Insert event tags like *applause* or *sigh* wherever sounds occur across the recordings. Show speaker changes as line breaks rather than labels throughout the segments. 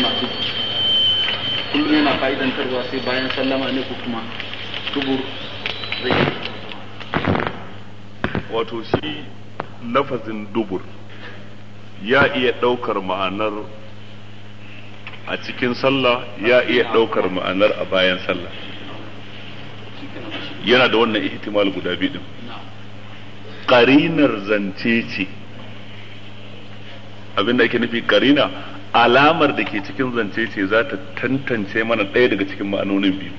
masu yana fa'idantarwa sai bayan sallama ne ko kuma zai wato shi lafazin dubur ya iya ɗaukar ma'anar a cikin sallah ya iya ɗaukar ma'anar a bayan sallah yana da wannan ihtimal guda biyu din ƙarinar zance ce abinda ake nufi ƙarina alamar da ke cikin zance ce za ta tantance mana ɗaya daga cikin ma'anonin biyu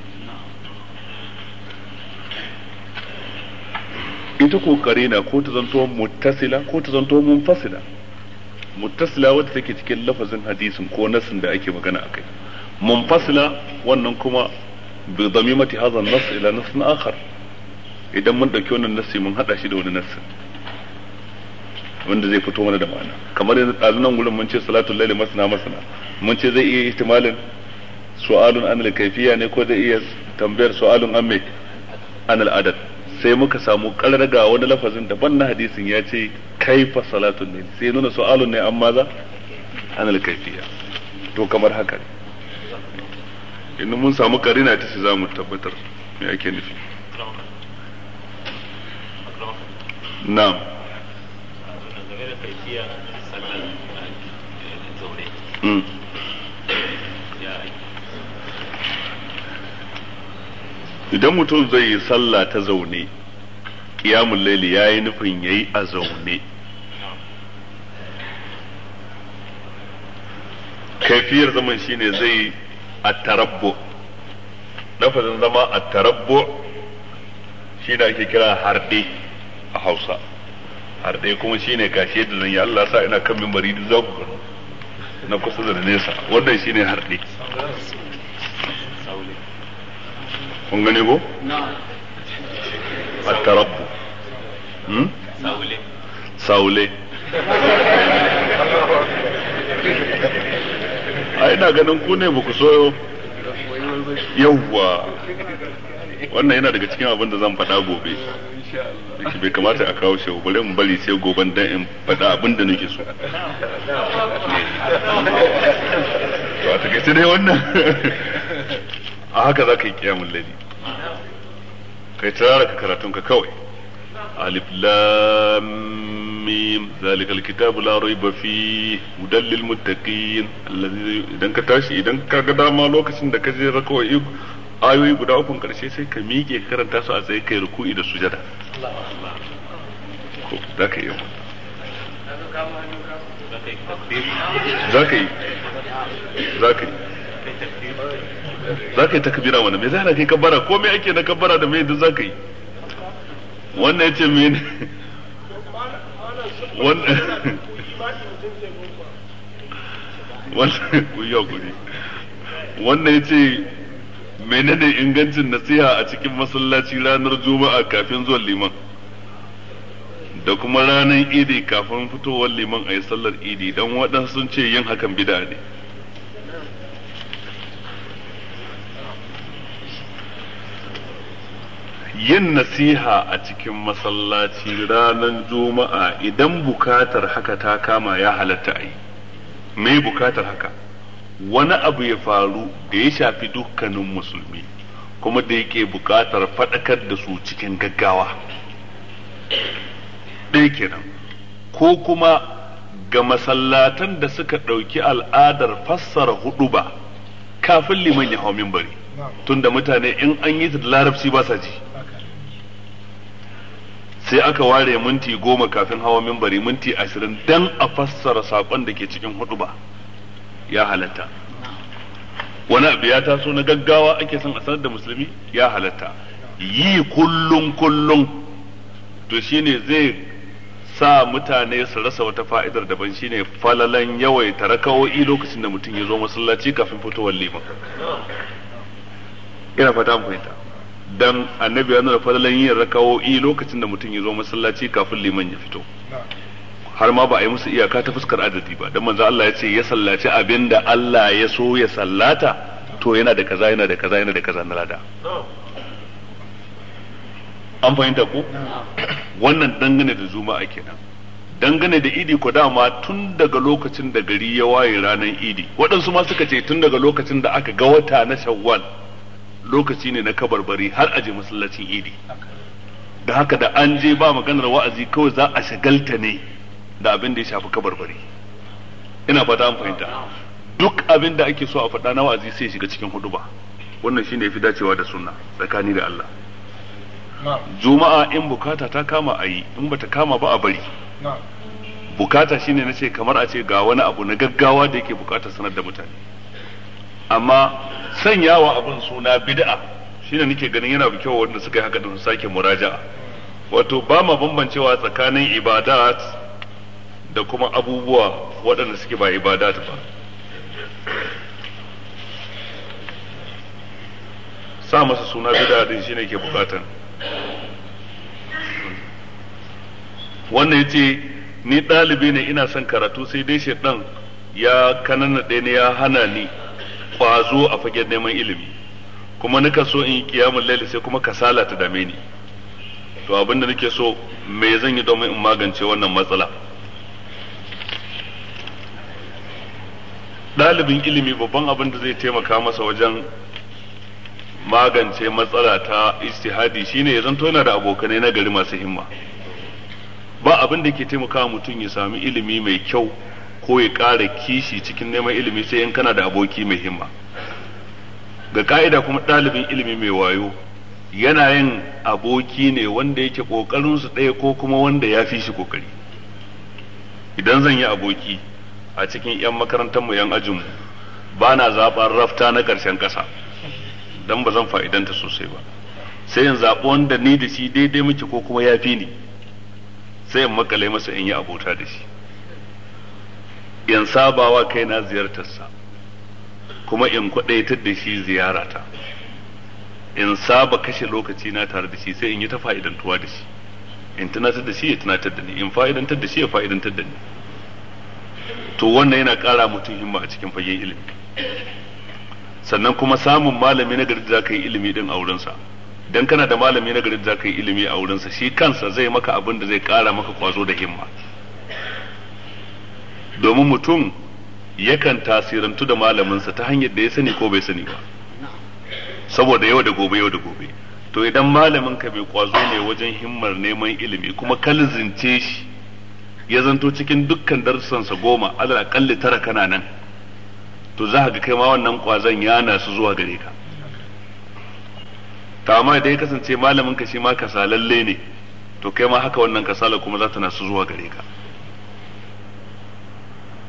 ita ko na ko ta zanto muttasila ko ta zanto munfasila muttasila wadda take cikin lafazin hadisin ko nasin da ake magana a akai munfasila wannan kuma bi zami mati hazan nas ila nasin akhar idan mun ɗauki wannan nasi mun haɗa shi da wani nasin wanda zai fito mana da ma'ana kamar yanzu ɗazu nan gurin mun ce salatu laili masana masana mun ce zai iya ihtimalin su'alun anil kaifiya ne ko zai iya tambayar su'alun an mai anil adad sai muka samu karraga wani lafazin daban na hadisin ya ce kaifa salatun ne sai nuna su'alun ne an maza anil kaifiya to kamar haka ne in mun samu karina ta za mu tabbatar me ake nufi na'am Hmm. idan mutum zai yi sallah ta zaune kiyamun laili ya yi nufin ya yi a zaune kaifiyar zaman shine zai a tarabbo nafazin zama a tarabbo shi ake kira harɗe a hausa har ɗaya kuma shine kashe da zan yi Allah sa ina kan mimbari duk za ku gano na kusa da nesa wannan shine har ɗaya kun gane ko tarabbu hmm? saule a ina ganin ku ne ku soyo yawwa wannan yana daga cikin abin da zan faɗa gobe bai kamata a kawo shi bari in bari sai goban dan in faɗa abin da nake so to a takaice dai wannan a haka zaka yi kiyamul ladi kai tsara ka karatun ka kawai alif lam ميم kitabu الكتاب لا ريب فيه هدى muttaqin allazi idan ka tashi idan ka ga dama lokacin da ka je kawai. ayoyi guda ukun karshe sai ka miƙe karanta su a tsaye kai ruku'i da sujada ko da ka yi za ka yi za ka yi za ka yi takbira wani me zai kai kabbara ko mai ake na kabbara da me duk za ka yi wannan yace me ne wannan *laughs* wannan ku wannan yace menene ingancin nasiha a cikin masallaci ranar juma'a kafin zuwa liman da kuma ranar idi kafin fitowar liman a yi sallar idi don waɗansu sun ce yin hakan bida ne yin nasiha a cikin masallaci ranar juma'a idan bukatar haka ta kama ya halatta a yi me bukatar haka wani abu ya faru da ya shafi dukkanin musulmi kuma da yake buƙatar faɗakar da su cikin gaggawa ɗaya kenan ko kuma ga masallatan da suka ɗauki al'adar fassara hudu ba kafin liman ya hau bari tunda mutane in an yi ta da larabci ba sa ji sai aka ware minti goma kafin hawa mimbari minti ashirin dan a fassara saƙon da ke cikin hudu ba ya halatta wani abu ya taso na gaggawa ake son a sanar da musulmi ya halatta yi kullum kullum to shine zai sa mutane su rasa wata fa'idar daban shine falalan yawaita rakawo'i lokacin da mutum ya zo masallaci kafin fitowar liman ina fata mu fahimta dan annabi ya nuna falalan yin rakawo'i lokacin da mutum ya zo masallaci kafin liman ya fito har ma ba a yi musu iyaka ta fuskar adadi ba dan manzo Allah ya ce ya sallaci abinda Allah ya so ya sallata to yana da kaza yana da kaza yana da kaza na lada an fahimta ko wannan dangane da juma'a kenan dangane da idi ko dama tun daga lokacin da gari ya waye ranar idi waɗansu ma suka ce tun daga lokacin da aka ga wata na shawwal lokaci ne na kabarbari har a aje masallacin idi da haka da an je ba maganar wa'azi kawai za a shagalta ne da abin da ya shafi kabarbari ina fata an fahimta duk abin da ake so a faɗa na wa'azi sai shiga cikin huduba wannan shine yafi dacewa da sunna tsakani da Allah juma'a in bukata ta kama a yi in bata kama ba a bari bukata shine na ce kamar a ce ga wani abu na gaggawa da yake bukatar sanar da mutane amma sanyawa abin suna bid'a shine nake ganin yana da kyau wanda suka yi haka da su sake muraja'a wato ba ma bambancewa tsakanin ibadat da kuma abubuwa waɗanda suke ba ibada ta ba sa masa suna bid'a din shine ke bukatan wannan ya ce ni ɗalibi ne ina son karatu sai dai ɗan ya kanana ɗaya ne ya hana ni ƙwazo a fagen neman ilimi kuma nika so in yi kiyamun laili sai kuma kasala ta dame ni to abinda nake so me zan yi domin in magance wannan matsala ɗalibin ilimi babban abin da zai taimaka masa wajen magance matsala ta istihadi shine ya zanto yana da abokanai na gari masu himma ba abin da ke taimakawa mutum ya sami ilimi mai kyau ko ya ƙara kishi cikin neman ilimi sai in kana da aboki mai himma ga ka'ida kuma ɗalibin ilimi mai wayo yana yin aboki ne wanda yake ƙoƙarinsu ɗaya ko kuma wanda ya fi shi ƙoƙari idan zan yi aboki a cikin 'yan makarantarmu 'yan ajinmu ba na zaɓar rafta na ƙarshen ƙasa don ba zan fa'idanta sosai ba sai in zaɓi wanda ni da shi daidai muke ko kuma ya fi ni sai in makale masa in yi abota da shi in sabawa kaina ziyartarsa kuma in kwaɗaitar da shi ziyarata in saba kashe lokaci na tare da shi sai in yi ta fa'idantuwa da shi in tunatar da shi ya tunatar da ni in fa'idantar da shi ya fa'idantar da ni to wannan yana ƙara mutum himma a cikin fagen ilimi sannan kuma samun malami na garin da zaka yi ilimi din a wurinsa dan kana da malami na garin da zaka yi ilimi a wurinsa shi kansa zai maka abin da zai ƙara maka kwazo da himma domin mutum yakan tasirantu da malaminsa ta hanyar da ya sani ko bai sani ba saboda yau da gobe yau da gobe to idan malamin ka bai kwazo ne wajen himmar neman ilimi kuma kalzince shi ya zanto cikin dukkan darussansa goma alal akalli tara kana nan to za ga kai ma wannan kwazon ya su zuwa gare ka ta amma idan ya kasance malamin ka shi ma kasalalle ne to kai ma haka wannan kasala kuma za ta na su zuwa gare ka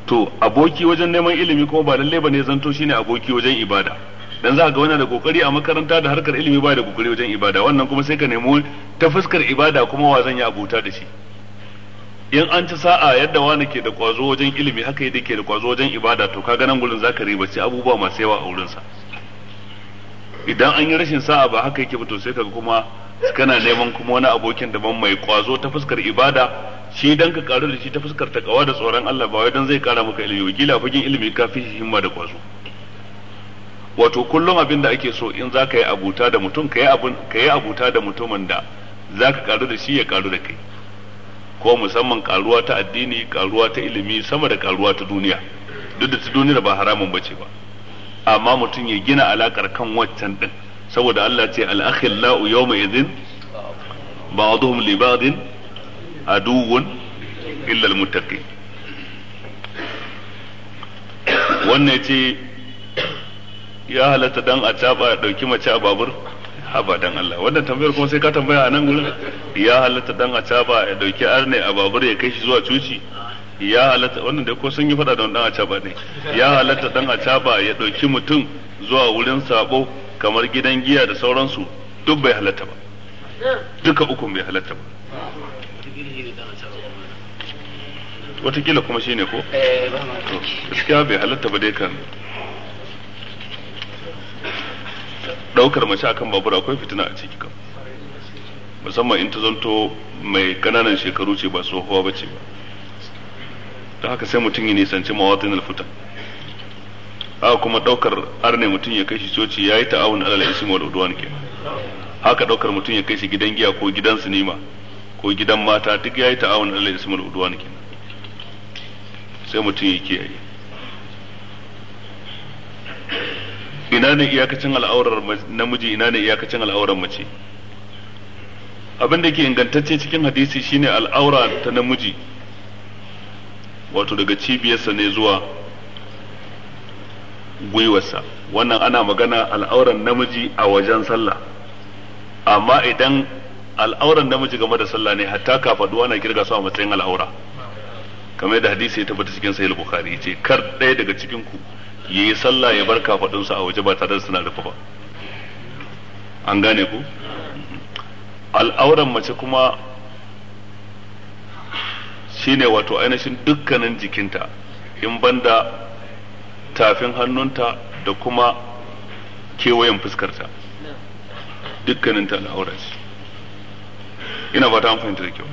to aboki wajen neman ilimi kuma ba lalle bane zanto shine aboki wajen ibada dan za ga wani da kokari a makaranta da harkar ilimi ba da kokari wajen ibada wannan kuma sai ka nemo ta fuskar ibada kuma wa zan yi abota da shi in an ci sa'a yadda wani ke da kwazo wajen ilimi haka yadda ke da kwazo wajen ibada to kaga za gurin zaka ribaci abubuwa masu yawa a wurinsa idan an yi rashin sa'a ba haka yake ba to sai kaga kuma kana neman kuma wani abokin da ban mai kwazo ta fuskar ibada shi dan ka karu da shi ta fuskar takawa da tsoron Allah ba wai dan zai kara maka ilimi gila fagen ilimi ka fi himma da kwazo wato kullum abin da ake so in zaka yi abuta da mutum ka yi abuta da mutumin da zaka karu da shi ya karu da kai ko musamman karuwa ta addini karuwa ta ilimi sama da karuwa ta duniya duk da ta duniyar ba haramun ba ce ba amma mutum ya gina alakar kan waccan din saboda Allah ce al-akhillau yawma idhin ba'dhum li ba'din aduwwun illa al-muttaqin wannan ce ya halatta dan a taba dauki mace a babur abadan Allah wannan tambayar kuma sai ka tambaya a nan gurin ya halatta dan a caba ya dauki arne a babur ya kai shi zuwa cuci ya halatta wannan dai ko sun yi fada da dan a caba ne ya halatta dan a caba ya dauki mutum zuwa wurin sabo kamar gidan giya da sauransu duk bai halatta ba duka ukun bai halatta ba watakila kuma shine ko eh, gaskiya bai halatta ba dai kan daukar mace akan babur akwai fitina a ciki kam musamman in ta zanto mai kananan shekaru ce ba tsohuwa ba ce ba ta haka sai mutum ya nisanci mawatin alfutan haka kuma daukar arne mutum ya kai shi coci ya yi ta'awun alal ismi wal udwan ke haka daukar mutum ya kai shi gidan giya ko gidan sinima ko gidan mata duk ya yi ta'awun alal ismi wal udwan ke sai mutum ya kiyaye ina ne iyakacin al'aurar namiji ina ne iyakacin al'aurar mace abin da ke ingantacce cikin hadisi shine al'aura ta namiji wato daga cibiyarsa ne zuwa gwiwarsa wannan ana magana al'auran namiji a wajen sallah amma idan al'auran namiji game da sallah ne hatta kafaduwa na kirga su a matsayin al'aura kamar da hadisi ya tabbata cikin sahih bukhari ce kar ɗaya daga cikin ku Yi sallah ya bar kafaɗinsu a waje ba tare da suna rufe ba an gane ku al'auran mace kuma shine wato ainihin dukkanin jikinta in banda tafin hannunta da kuma kewayen fuskarta dukkanin ta al'aura ce ina ba ta fahimta da kyau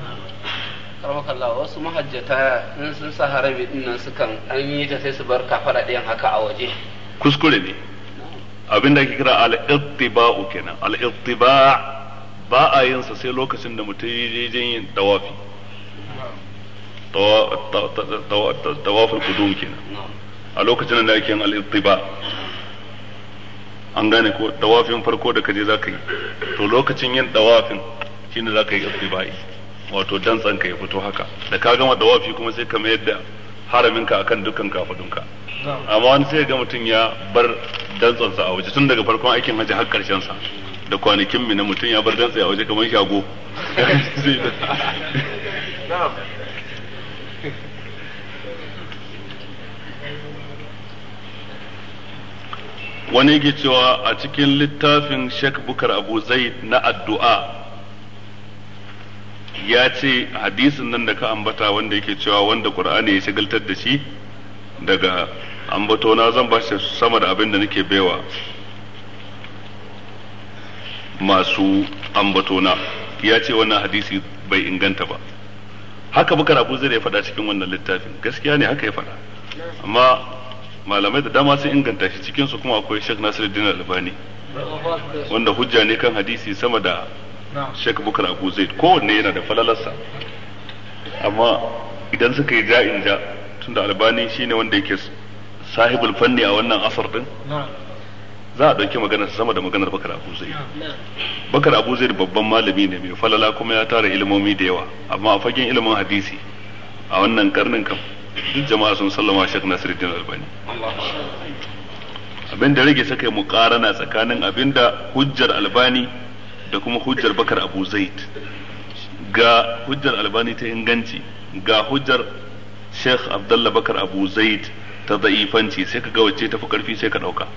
karmakalla wasu mahajjata in sun sa harami din nan sukan an yi ta sai su bar kafara ɗayan haka a waje kuskure ne abin da ake kira al-ittiba'u kenan al-ittiba' ba a yin sa sai lokacin da mutum ya je yin tawafi tawaful qudum kenan a lokacin da ake yin al-ittiba' an gane ko tawafin farko da kaje zaka yi to lokacin yin tawafin shine zaka yi ittiba'i wato dantsan ka ya fito haka da ka gama da wafi kuma sai ka mayar da haramin ka akan dukkan kafadunka amma wani sai ga mutum ya bar dantsan sa a waje tun daga farkon aikin haji har karshen sa da kwanakin mu na mutum ya bar dantsan a waje kamar shago wani yake cewa a cikin littafin Sheikh Bukar Abu Zaid na addu'a ya ce hadisin nan da ka ambata wanda yake cewa wanda qur'ani ya shagaltar da shi daga ambato na zan ba shi sama da abin da nake baiwa masu ambato na ya ce wannan hadisi bai inganta ba haka bukar abu zai ya fada cikin wannan littafin gaskiya ne haka ya faɗa amma malamai da dama sun inganta shi cikinsu kuma akwai shek nasiruddin albani wanda hujja ne kan hadisi sama da Sheikh Bukar Abu Zaid kowanne yana da falalarsa amma idan suka yi ja'in ja tunda albani shi ne wanda yake sahibul fanni a wannan asar din za a ɗauki maganar sama da maganar bakar abu zai bakar abu zai babban malami ne mai falala kuma ya tara ilmomi da yawa amma a fagen ilimin hadisi a wannan karnin kam duk jama'a sun sallama shek nasiruddin albani abin da rage saka mu na tsakanin abin da hujjar albani da kuma hujjar bakar abu zaid ga hujjar albani ta inganci ga hujjar sheikh abdullah bakar abu zaid ta za'ifanci sai ka ga wacce tafi karfi sai ka dauka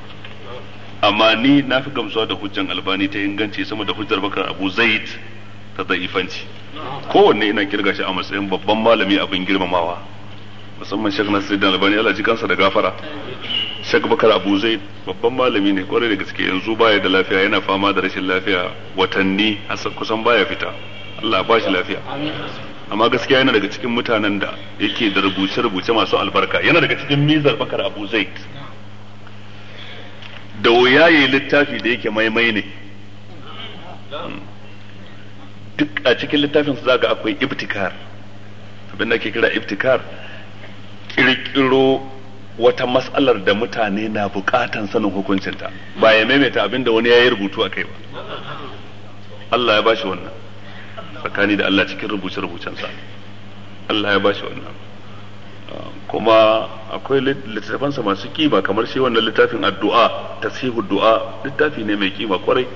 amma ni na fi gamsuwa da hujjar albani ta inganci sama da hujjar bakar abu zaid ta za'ifanci kowanne ina kirga shi a matsayin babban malami abin girmamawa musamman sheikh nasiruddin albani ala ji kansa da gafara Sheikh Bakar Abu Zaid babban malami ne kwarai da gaske yanzu baya da lafiya yana fama da rashin lafiya watanni kusan baya fita Allah ba shi lafiya amma gaskiya yana daga cikin mutanen da yake da rubuce-rubuce masu albarka yana daga cikin mizar Bakar Abu Zaid da wuya littafi da yake maimai ne duk a cikin littafin su zaga akwai ibtikar abin da ke kira ibtikar ƙirƙiro. wata mas'alar da mutane na bukatan sanin hukuncinta ba ya maimaita abin da wani ya yi rubutu a kai ba Allah ya ba shi wannan tsakani da Allah cikin rubuce-rubucensa Allah ya ba shi wannan kuma akwai littafansa masu kima kamar shi wannan littafin addu'a tasihu du'a littafi ne mai kima kwarai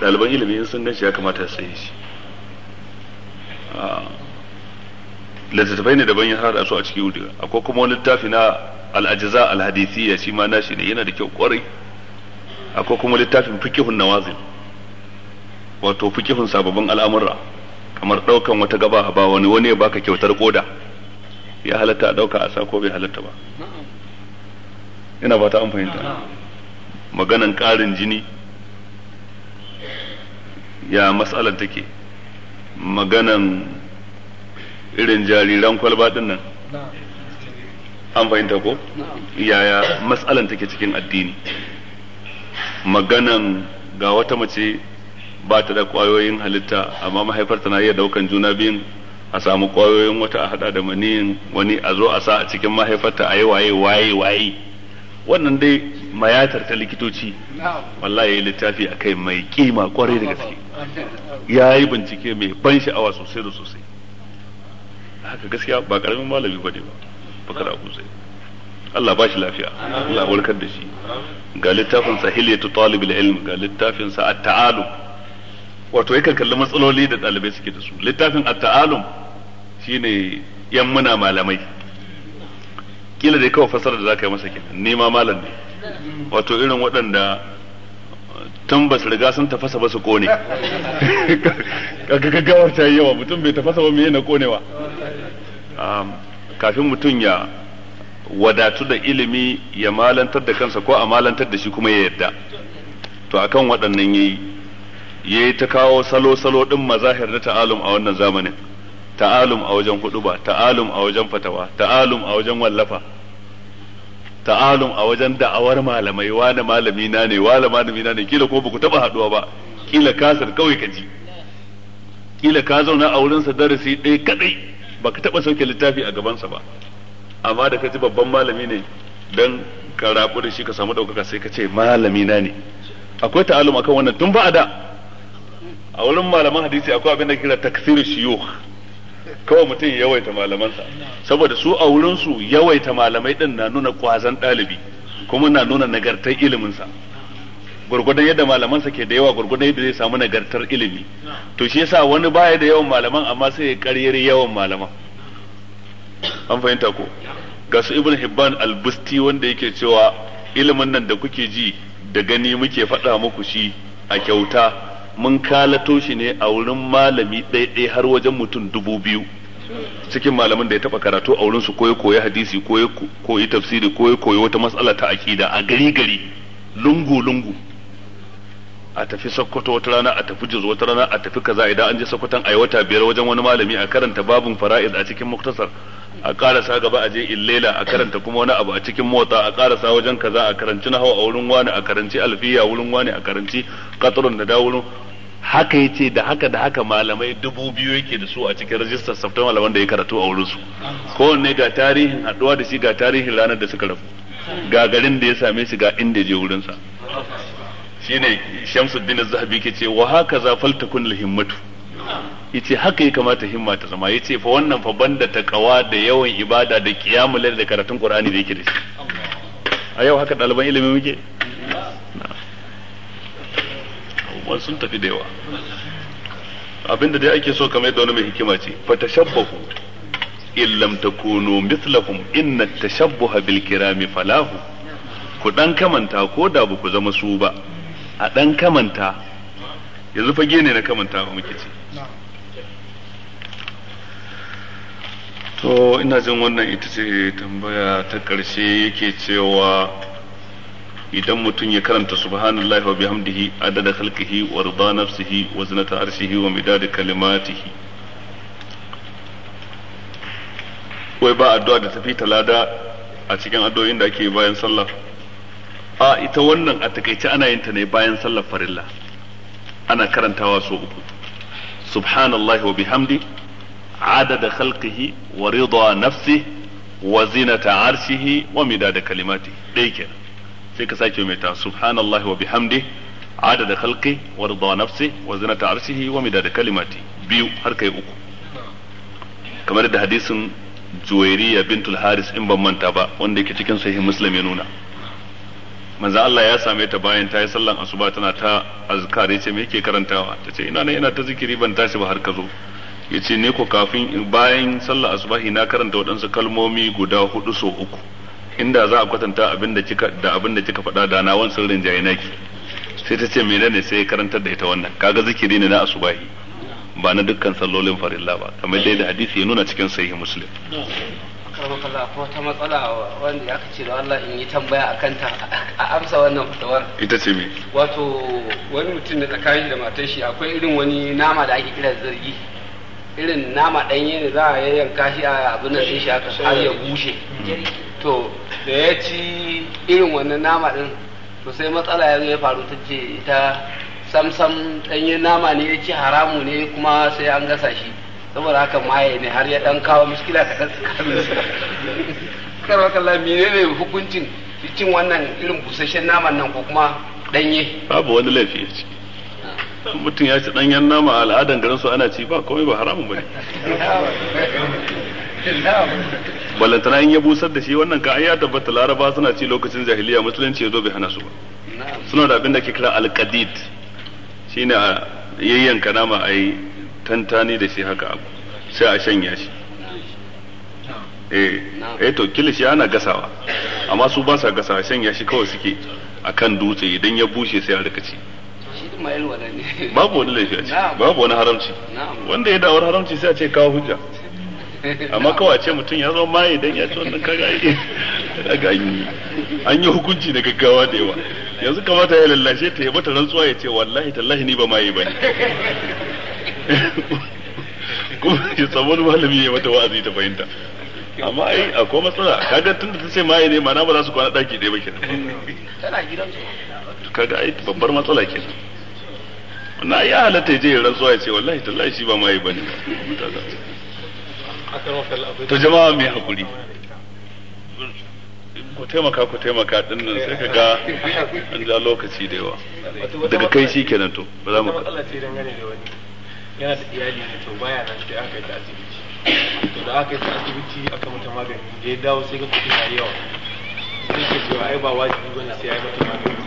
ɗaliban ilimi sun gan shi ya kamata su yi shi ah, littattafai ne daban ya hada su a cikin wuri akwai kuma wani littafi na al'ajiza ajza shi ma nashi ne yana da kyau kwarai akwai kuma littafin fikihun nawazin wato fikihun sababbin al'amurra kamar daukan wata gaba ba wani wani ya baka kyautar koda ya halatta a dauka a sa ko bai halatta ba ina ba ta an fahimta maganan karin jini ya matsalan take maganan irin jariran kwalba din nan an fahimta ko yaya matsalan take cikin addini maganan ga wata mace ba ta da kwayoyin halitta amma mahaifarta na iya daukan juna biyun a samu kwayoyin wata a hada da maniyin wani a zo a sa a cikin mahaifarta a yi waye waye waye wannan dai mayatar ta likitoci wallahi littafi a kai mai kima kwarai da gaske ya yi bincike mai ban sha'awa sosai da sosai haka gaskiya ba karamin malami ba ne ba bakar abu zai Allah ba shi lafiya Allah warkar da shi ga littafin sa hilyatu talibul ilm ga littafin sa at-ta'alum wato yakan kalli matsaloli da ɗalibai suke da su littafin at-ta'alum shine yan muna malamai kila dai kawai fasara da zaka yi masa kenan nema malam ne wato irin waɗanda tun ba su riga sun tafasa ba su kone *laughs* kaga gawar ta yi yawa mutum bai tafasa ba me yana konewa um, kafin mutum ya wadatu da ilimi ya malantar da kansa ko a malantar da shi kuma ya yadda to akan waɗannan ya yi ta kawo salo-salo ɗin mazahir na ta'alum a wannan zamanin ta'alum a wajen ba ta'alum a wajen fatawa ta'alum a wajen wallafa ta'alum a wajen da'awar malamai wani malami na ne wani malami na ne kila ko baku taba haduwa ba kila kasar kawai ka ji kila ka zauna a wurin sa darasi ɗaya kaɗai. baka taba sauke littafi a gabansa ba amma da ka ji babban malami ne dan ka rabu da shi ka samu daukaka sai ka ce malami na ne akwai ta'alum akan wannan tun ba a da a wurin malaman hadisi akwai abin da kira takfiru shiyukh kawai mutum ya yawaita malamansa saboda su a wurin su yawaita malamai din na nuna kwazan ɗalibi kuma na nuna nagartar ilimin sa gurgudan yadda malamansa ke da yawa gurgudan yadda zai samu nagartar ilimi to shi yasa wani baya da yawan malaman amma sai ya karyar yawan malaman an fahimta ko ga su ibn hibban al-busti wanda yake cewa ilimin nan da kuke ji da gani muke faɗa muku shi a kyauta mun kalato shi ne a wurin malami ɗaiɗai har wajen mutum dubu biyu cikin malamin da ya taɓa karatu a wurinsu ko ya koyi hadisi ko ya koyi tafsiri ko ya koyi wata matsala ta aƙida a gari gari lungu lungu a tafi sokoto wata rana a tafi jiz wata rana a tafi kaza idan an je sokoton ayi wata biyar wajen wani malami a karanta babun fara'id a cikin muktasar a karasa gaba a je illela a karanta kuma wani abu a cikin motsa a karasa wajen kaza a karanci na hawa a wurin wani a karanci alfiya wurin wani a karanci katurun da dawurin haka ya ce da haka da haka malamai dubu biyu yake da su a cikin rajistar saftan malaman da ya karatu a wurin su. kowanne ga tarihin haɗuwa da shi ga tarihin ranar da suka rabu ga garin da ya same shi ga inda ya je wurinsa shine Shamsuddin Zahabi ke ce wa haka za faltakun himmatu yace haka ya kamata himma ta zama yace fa wannan fa banda takawa da yawan ibada da kiyamu layl da karatun Qur'ani da yake da shi a yau haka ɗaliban ilimi muke abubuwan sun tafi da yawa abinda dai ake so kamar yadda wani mai hikima ce fa tashabbahu in lam takunu mithlahum inna tashabbuha bil kirami falahu ku dan kamanta ko da ba ku zama su ba a ɗan kamanta yanzu fage ne na kamanta ba muke ce to ina jin wannan ita ce tambaya ta ƙarshe yake cewa idan mutum ya karanta subhanallahi wa bihamdihi adada khalqihi wa rida nafsihi wa zinata arshihi wa midada kalimatihi wai ba addu'a da tafi talada a cikin addu'o'in da ake bayan sallah a ita wannan a takaice ana yin ta ne bayan sallar farilla ana karantawa so uku subhanallahi wa bihamdi adada khalqihi wa ridwa nafsi wa zinata arshihi wa midada kalimati dai kenan sai ka sake mai ta subhanallahi wa bihamdi adada khalqi wa ridwa nafsi wa zinata arshihi wa midada kalimati biyu har kai uku kamar da hadisin juwairiya bintul haris in ban manta ba wanda yake cikin sahih muslim ya nuna manzo Allah ya same ta bayan ta yi sallan asuba tana ta azkar yace me yake karantawa tace ina ne ina ta zikiri ban tashi ba har ka zo yace ne ko kafin bayan sallar asubahi na karanta waɗansu kalmomi guda hudu so uku inda za a kwatanta abin da kika da abin da kika faɗa da na sirrin jayi naki sai ta ce menene sai ya karantar da ita wannan kaga zikiri ne na asubahi ba na dukkan sallolin farilla ba kamar dai da hadisi ya nuna cikin sahih muslim karo kalla ko ta matsala wanda ya ce da Allah in yi tambaya a kanta a amsa wannan fitowar ita ce me wato wani mutum da tsakanin da matar shi akwai irin wani nama da ake kira zargi irin nama ɗanye ne za a yayyanka shi a abin nan shi haka har ya bushe to da ya ci irin wannan nama din to sai matsala ya ya faru ta ce ita samsam ɗanyen nama ne ya ci haramu ne kuma sai an gasa shi saboda haka maye ne har ya dan kawo muskila kaɗan tsakanin su karwa kalla menene hukuncin cin wannan irin busasshen naman nan ko kuma danye babu wani laifi a ciki mutum ya ci danyen nama al'adan garin su ana ci ba komai ba haramun bane balantana in ya busar da shi wannan ka ya tabbata laraba suna ci lokacin jahiliya musulunci ya zo bai hana su ba suna da abin da ke kira alkadid shine a yayyanka nama a yi tantani da shi haka abu sai a shanya shi eh, eh to to shi ana gasawa amma su ba sa gasawa shanya shi kawai suke a kan dutse idan ya bushe sai a rika ci babu wani laifi a ci babu wani haramci wanda ya dawar haramci sai a ce kawo hujja *laughs* amma kawai a ce mutum ya zama maye idan ya ci wannan kaga ai eh, daga an yi hukunci da gaggawa da yawa yanzu kamata ya lallashe ta yi mata rantsuwa ya ce wallahi tallahi ni ba maye bane *laughs* kuma ya samu wani malami ya mata wa'azi ta fahimta amma ai akwai matsala kaga tunda ta ce maye ne mana ba za su kwana daki ɗaya ba kenan tana gidansu kaga ai babbar matsala kenan na ya halatta je ya rantsuwa ya ce wallahi tallahi shi ba maye bane to jama'a mai hakuri ku taimaka ku taimaka din nan sai ka ga an ja lokaci da yawa daga kai shi kenan to ba za mu ka. yana da iyali da to baya nan sai aka yi ta asibiti to da aka yi ta asibiti aka mata magani da ya dawo sai ga kuɗi na yawa sai ke cewa ai ba wajibi ba ne sai ya yi mata magani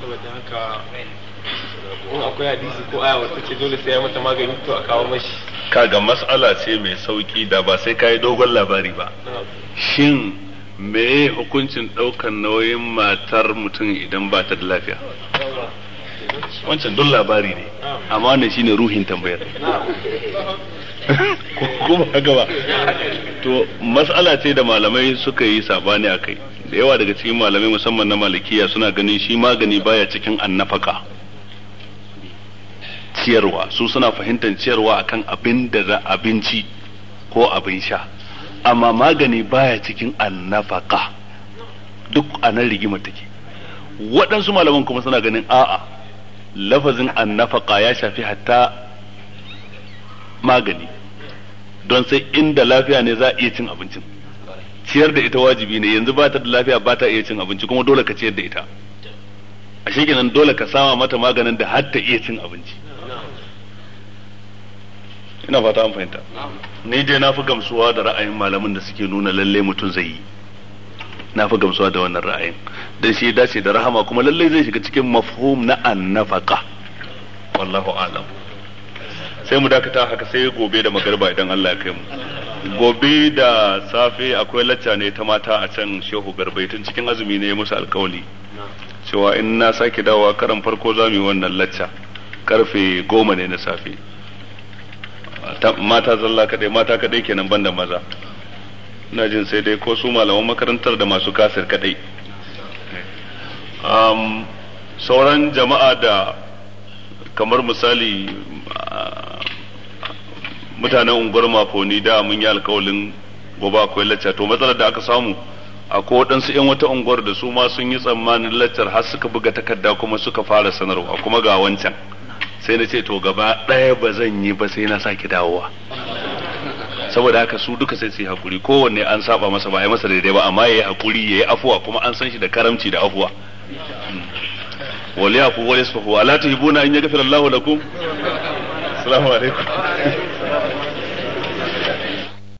saboda haka in akwai hadisi ko aya wata ce dole sai ya mata magani to a kawo mashi kaga mas'ala ce mai sauki da ba sai kayi dogon labari ba shin me hukuncin ɗaukan nauyin matar mutum idan ba ta da lafiya wancan don labari ne amma wannan shine ruhin tambayar kuma haka ba to mas'ala ce da malamai suka yi sabani a kai da yawa daga cikin malamai musamman na malikiya suna ganin shi magani baya cikin annafaka ciyarwa su suna fahimtar ciyarwa akan abin da za abinci ko abin sha amma magani baya cikin annafaka duk a nan rigima take waɗansu malaman kuma suna ganin a'a lafazin annafaka ya shafi hatta magani don sai inda lafiya ne za a iya cin abincin ciyar da ita wajibi ne yanzu ba ta da lafiya ba ta iya cin abinci kuma dole ka ciyar da ita a shekinan dole ka sama mata maganin da har ta iya cin abinci ina fata an fahimta ni dai na fi gamsuwa da ra'ayin malamin da suke nuna lalle mutum zai yi na fi gamsuwa da wannan ra'ayin dan shi ya dace da rahama kuma lallai zai shiga cikin mafhum na annafaka wallahu alam sai mu dakata haka sai gobe da magarba idan Allah ya kai mu gobe da safe akwai lacca ne ta mata a can shehu Garba, tun cikin azumi ne musu alkawali cewa in na sake dawowa karan farko za mu yi wannan lacca karfe goma ne na safe mata zalla kadai mata kadai kenan banda maza na jin sai dai ko su malaman makarantar da masu kasir kadai um, sauran jama'a da kamar misali ah, mutanen unguwar mafoni da mun yi alkawalin gobe akwai lacca to matsalar da aka samu ko waɗansu 'yan wata unguwar da su ma sun yi tsammanin laccar har suka buga takarda kuma suka fara sanarwa kuma ga wancan sai na ce to gaba ɗaya ba zan yi ba sai na sake dawowa saboda haka su duka sai su yi hakuri kowanne an saba masa ba ya masa daidai ba amma ya yi hakuri ya yi afuwa kuma an san shi da karamci da afuwa hmm. wal yafu wal yasfahu ala tuhibuna an yaghfira Allahu lakum assalamu alaikum